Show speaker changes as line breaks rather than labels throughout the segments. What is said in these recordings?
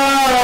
la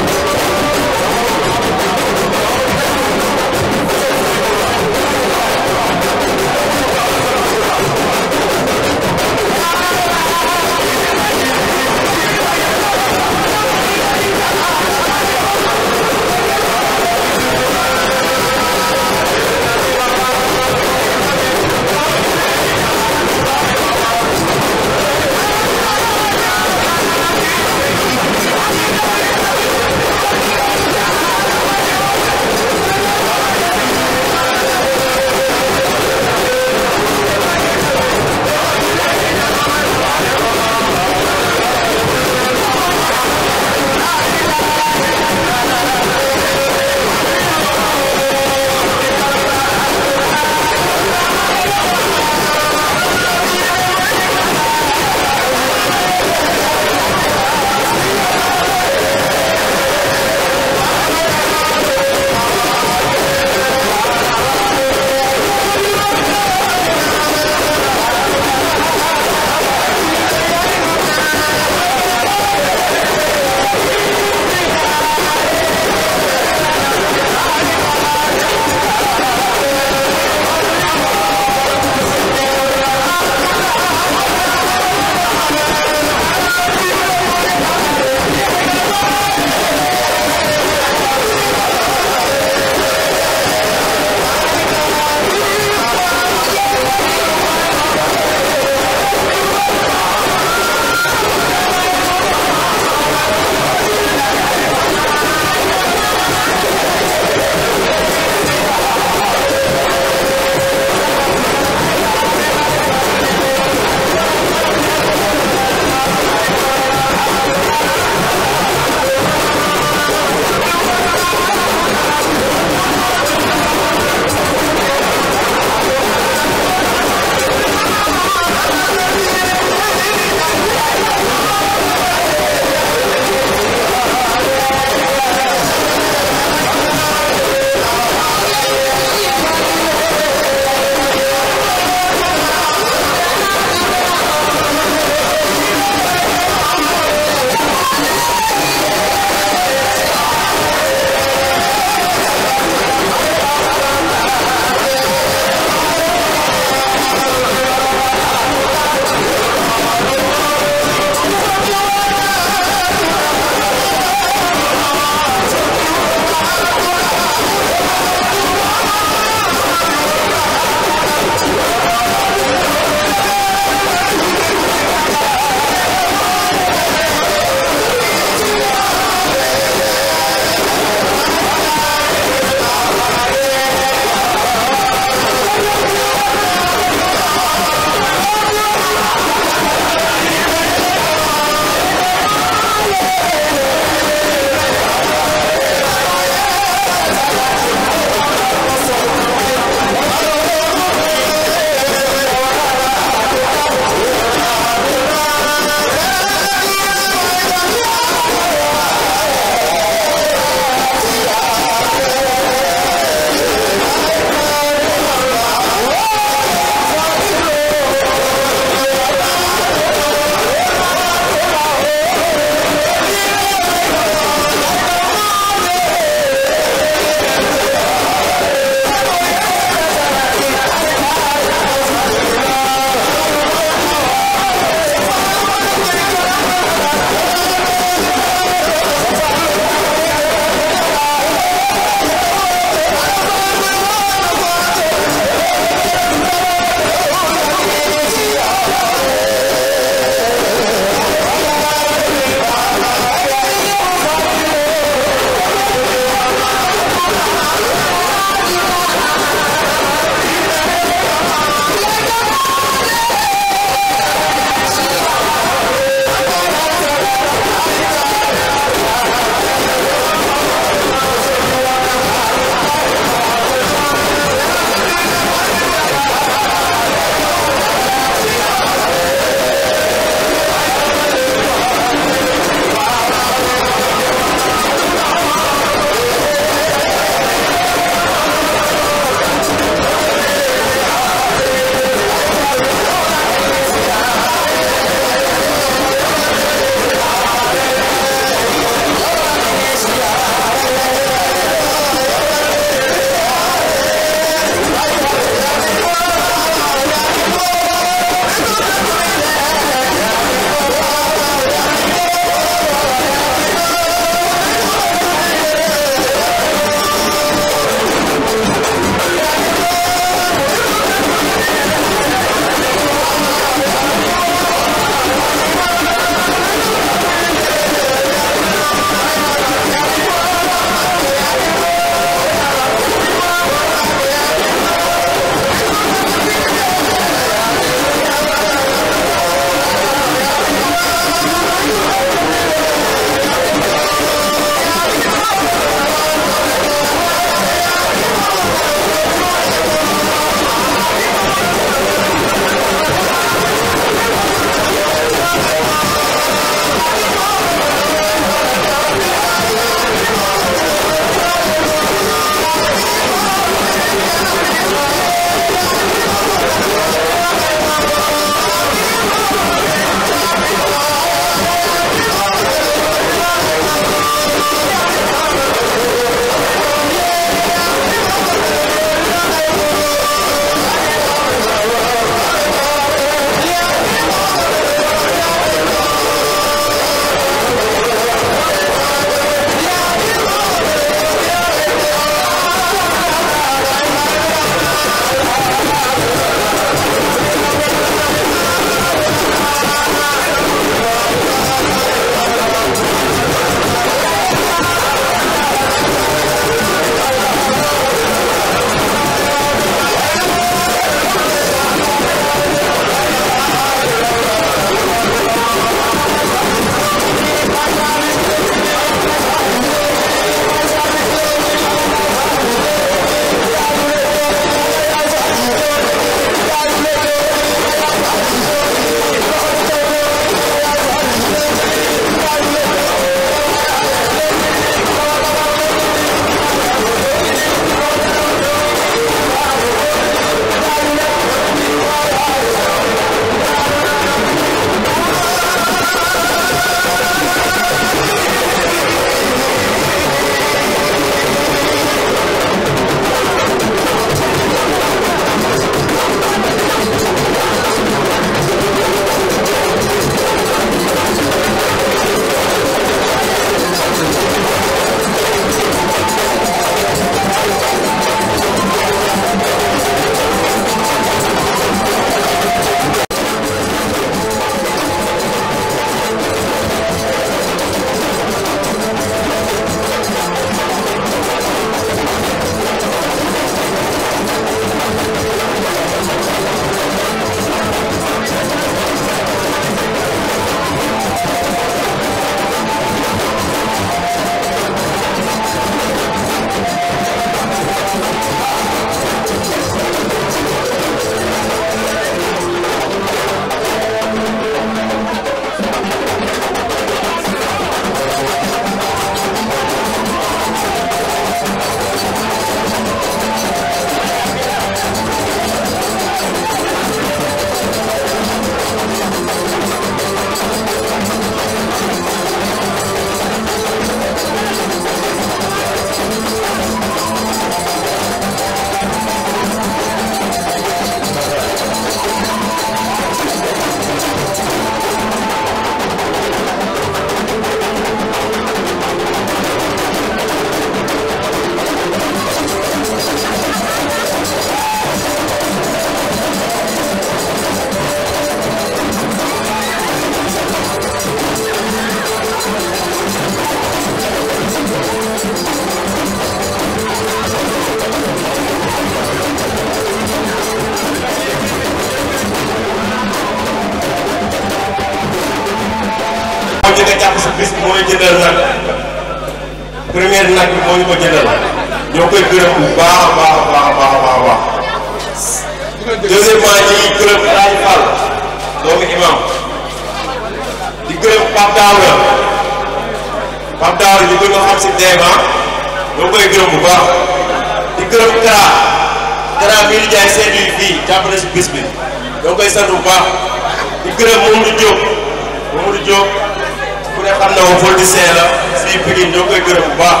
politicien la fii Pikine ñoo koy gërëm bu baax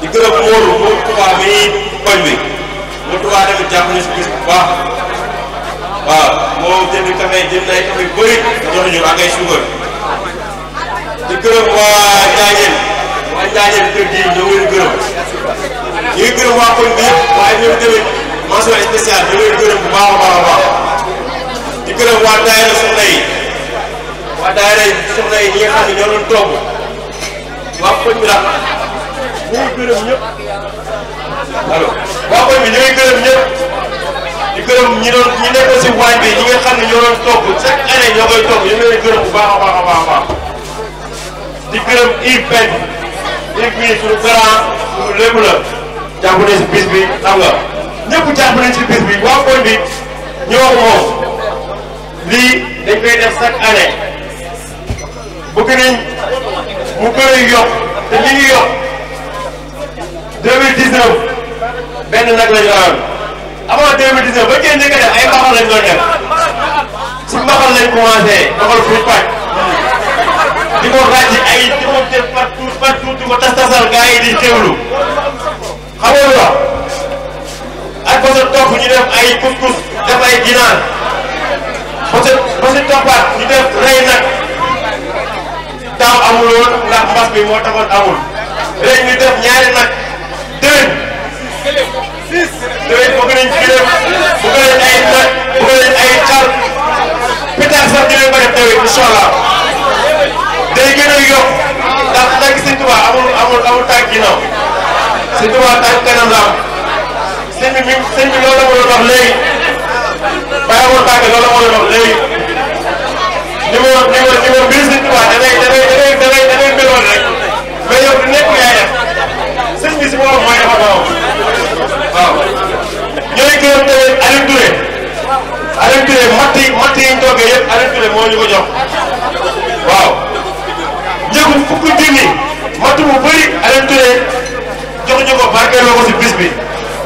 di gërëm Modou moom Touba mii koñ bi mu Touba tamit jàpp na si bis bu baax jënd café jënd ay café bëri jox ñu ak ay suukar gërëm waa Ndiadiène waa Ndiadiène kër gii ñoo ngi gërëm ñu gërëm waa koñ bi yëpp waaye ñoom tamit mention spéciale ñoo ngi gërëm bu baax a baax baax di gërëm waa daayira soxna yi waa daayira soxna yi ñi nga ñoo doon togg waa koñ bi daal ñu ngi waa koñ bi ñu ngi gërëm ñëpp ñi doon ñi bi ñi nga xam ne ñoo doon togg chaque ñoo koy togg ñu ngi leen gërëm bu baax a baax a baax di gërëm Yves Pène Yves bi suñu grand suñu lébu la jàpp nañ si bis bi xam waa koñ bi ñoo moom lii dañ def chaque année bëgg nañ. mu bëri yokk te li ñu yokk 2019 benn nag la ñu ayoon avant 2019 ba cee njëkk a def ay mbaxal lañ doon def si mbaxal lañ commencé mbaxal fuñ pàcc di ko ràcc ay di ko jël partout partout di tasal gars yi di teewlu xam nga lu wax ak ba ñu def ay couscous def ay ginaar ba sa ba sa ñu def rey nag. daaw amul woon ndax mbas bi moo taxoon amul ren ñu def ñaari nag déwén déwén bëgg nañ gëlëm bëgg nañ ay nag bëgg nañ ay xar pétard sax dinañ ko def déwén incha allah day gën a yokk ndax nag Sëñ Tuubaa amul amul amul tànk ginnaaw Sëñ Tuubaa tànk kanam la am sëñ bi mi sëñ bi loolu la mën a wax léegi bàyyi amul tànk loolu la mën a wax léegi. woon ne woon ne woon mbiri sëñ Tuubaa da ngay da ngay da ngay da ngay meloon rek mais yow du nekk yaay def sëñ bi si boppam mooy dafa baaxoon waaw. ñoo ngi gërëm tamit Aliou Touré Aliou Touré matt yi matt yi ñu toogee yëpp Aliou Touré moo ñu ko jox waaw njëgu fukki junni matt bu bëri Aliou Touré jox ñu ko barkeeloo ko si bis bi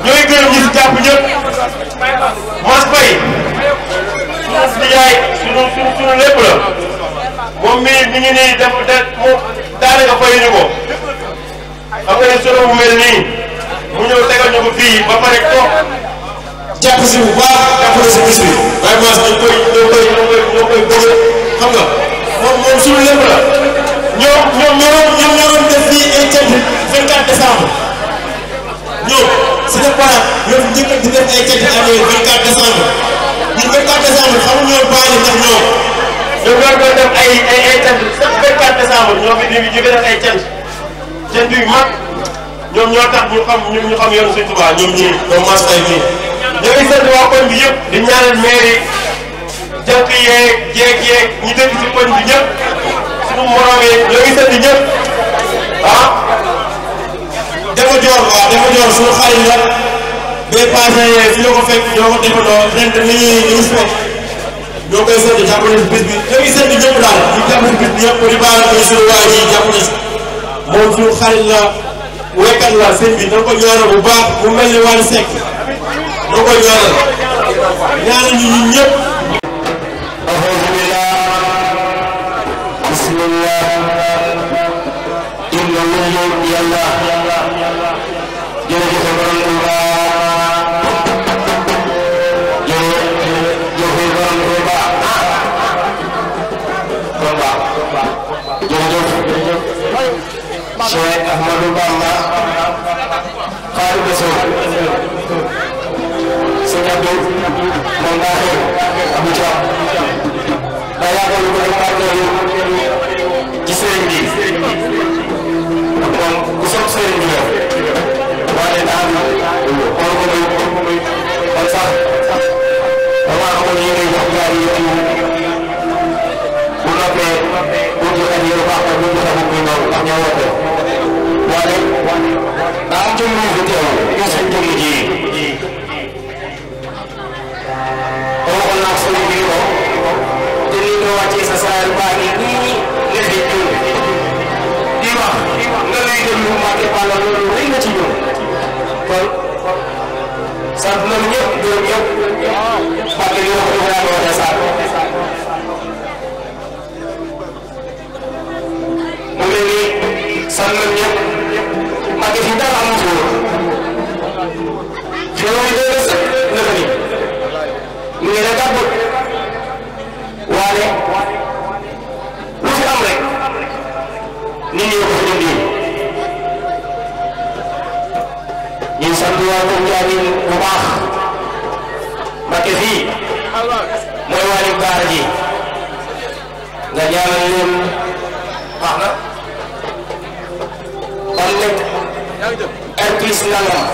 ñoo ngi gërëm ñi si jàpp ñëpp Mass Faye. di jaay suñu suñu lépp la moom mii mi ngi nii def de moom daanaka fayuñu ko xam nga ne solo bu mel nii mu ñëw tegal ñu ko fii ba pare toog jàpp si bu baax jàppale la ñoom ñoom ñoo ñoom fii ay ceeb 24 décembre ñoom si ne quoi ñoom njëkk di def ay ceeb année 24 décembre ñu doon doon def ñoo fi ñu ngi def ay cant cant yu mag ñoom ñoo tax ñu xam ñu xam yoonu ñoom ñii ñoom Mass Faye ñii. ñoo ngi sant waa koñ bi yëpp di ñaanal maire yi jànk jeeg yeeg ñi dëkk ci koñ bi ñëpp suñu morom ñoo ngi sant ñëpp ah. dafa joor waaw dafa ñoo koy sotti jàpp nañu bis bi te ñu seetlu ñëpp daal ñu jàpp nañu bi ñëpp di baal ñu suñu waa ji jàpp la wekkat la sëñ bi na ko ñaanal bu baax mu mel ni Wally Seck na ko ñaanal ñaanal ñu ñun loolu ay barkeelu ci sëriñ bi kon ku sopp sëriñ bi la waaye daal xool ko muy kon sax damaa amoon yéene jox gaar yi ci bu noppee pour ñu andi lu baax bu ñu xamul muy noonu ndax ñoo woote waaye daa am ci lu ñu fi teewal ñu seen jëmm ji baa ngi nii nga di tudd di wax nga lay déglu Mbacke Balla loolu rëy na ci ñoom kon sant nañu ñëpp gërëm ñëpp Mbacke di wax dëgg laa doon sax mu mel ni sant nañu ñëpp nit ñi wax dëgg yi ñuy sant waa Koungheul Ndiaye bu baax Mbacké fii mooy wàllu baar ji nga ñaanal leen baax na kon nag air plus nangam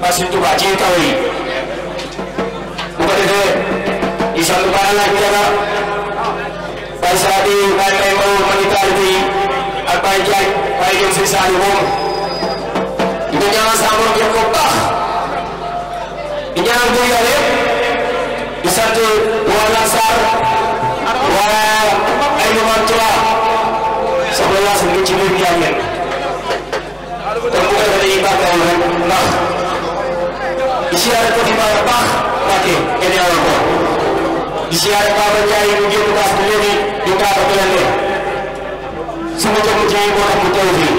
parce que Touba ci taw yi bu ko defee di sant baal laaj dara bay saa di bay may ma ma ni taalibe yi ak Baye Diagne Baye Diagne sëñ Saali moom di ko ñaanal sa borom def ko baax di ñaanal bu yàlla yëpp di sant waa Lansar waa ay Momar Trois soxna laa sa ngi ci biir Diagne kon bu ko defee dañuy bàggal rek ndax di siyaare ko di baax baax Mbacke kenn yàlla ko di siyaare Baba Ndiaye mu génn baax bi léegi di taata ko leen sama jëmm ji moo tax mu teew fii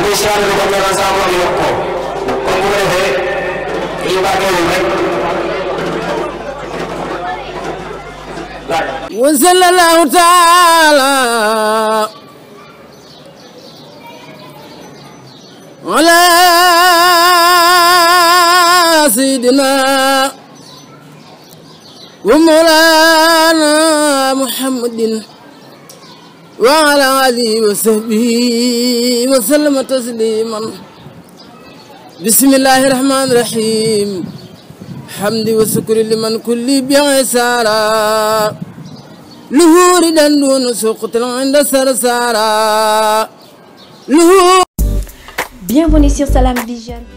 muy siyaare ko comme dana saa borom yokk ko kon bu ko defee lii barkeelul rek وصلى الله تعالى على سيدنا ومولانا محمد وعلى آله وصحبه وسلم تسليما بسم الله الرحمن الرحيم حمد وشكر لمن كل بعسارا لهور دون سقط عند سرسارا Bienvenue sur Salam Vision.